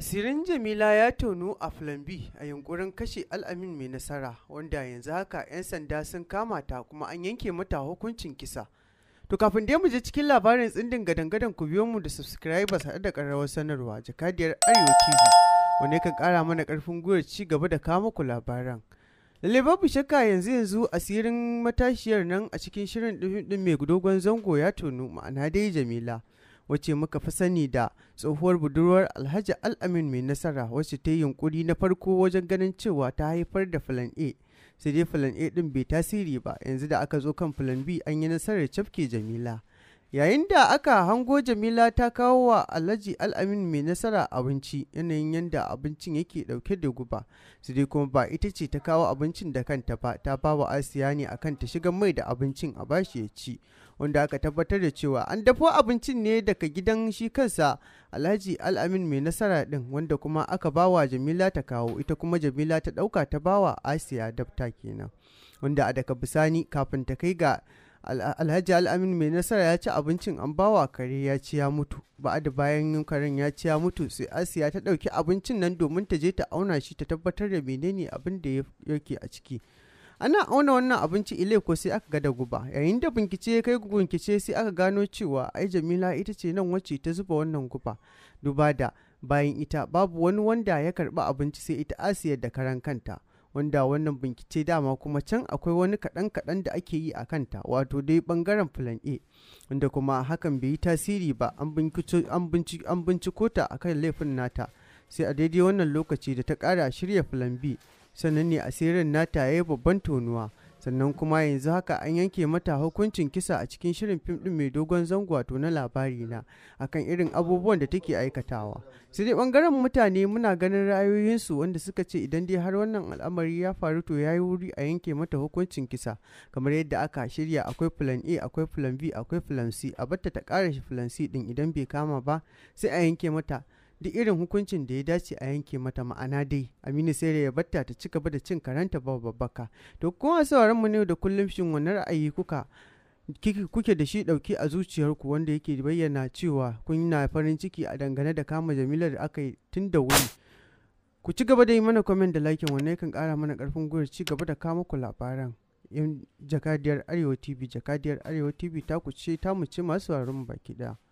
Asirin Jamila ya tonu a Flambi a yunkurin kashe Al'amin mai nasara wanda yanzu haka 'yan sanda sun kama ta kuma an yanke mata hukuncin kisa. To kafin dai mu je cikin labarin tsindin gadan-gadan ku biyo mu da subscribers haɗe da ƙararrawar sanarwa jakadiyar Arewa TV wanda kan ƙara mana ƙarfin gwiwar ci gaba da kawo muku labaran. Lalle babu shakka yanzu yanzu asirin matashiyar nan a cikin shirin ɗin mai dogon zango ya tonu ma'ana dai Jamila. wacce muka fi sani da tsohuwar budurwar alhaji al'amin mai nasara wace ta yi yunkuri na farko wajen ganin cewa ta haifar da filan a sai dai filan a din bai tasiri ba yanzu da aka zo kan filan b an yi nasarar cafke jamila yayin da aka hango jamila ta kawo wa alhaji al'amin mai nasara abinci yanayin yadda abincin yake dauke da guba su dai kuma ba ita ce ta kawo abincin da kanta ba ta ba wa asiya ne akan ta shiga mai da abincin a bashi ya ci wanda aka tabbatar da cewa an dafo abincin ne daga gidan shi kansa alhaji al'amin mai nasara din wanda kuma aka bawa jamila ta kawo ita kuma jamila ta dauka ta bawa asiya dabta kenan wanda a daga bisani kafin ta kai ga alhaji al'amin mai nasara ya ci abincin an bawa kare ya ci ya mutu ba da bayan karen ya ci ya mutu sai asiya ta dauki abincin nan domin ta je ta auna shi ta tabbatar da menene abin da yake a ciki ana auna wannan abinci ile ko sai aka ga da guba yayin da bincike kai bincike sai aka gano cewa ai jamila ita ce nan wacce ta zuba wannan guba duba da bayan ita babu wani wanda ya karba abinci sai ita asiyar da karan kanta wanda wannan bincike dama kuma can akwai wani kaɗan kaɗan da ake yi a kanta wato dai bangaren plan a wanda kuma hakan bai yi tasiri ba an binciko ta akan laifin nata sai a daidai wannan lokaci da ta ƙara shirya plan b sannan ne asirin nata ya yi babban tonuwa sannan kuma yanzu haka an yanke mata hukuncin kisa a cikin shirin fim din mai dogon zango wato na labari na akan irin abubuwan da take aikatawa sai dai bangaren mutane muna ganin ra'ayoyinsu wanda suka ce idan dai har wannan al'amari ya faru to ya yi wuri a yanke mata hukuncin kisa kamar yadda aka shirya akwai plan A akwai plan B akwai plan C a batta ta kara shi plan C din idan bai kama ba sai a yanke mata duk irin hukuncin da ya dace a yanke mata ma'ana dai aminu sai ya batta ta ci gaba da cin karanta ba babbaka to kuma sauran mu ne da kullum shin wani ra'ayi kuka kuke da shi ɗauki a zuciyarku wanda yake bayyana cewa kun na farin ciki a dangane da kama jamila da aka yi tun da wuri ku ci gaba da yi mana comment da like wannan kan kara mana karfin gwiwar ci gaba da kama ku labaran yan jakadiyar arewa tv jakadiyar arewa tv ta ku ce ta mu ce masu baki daya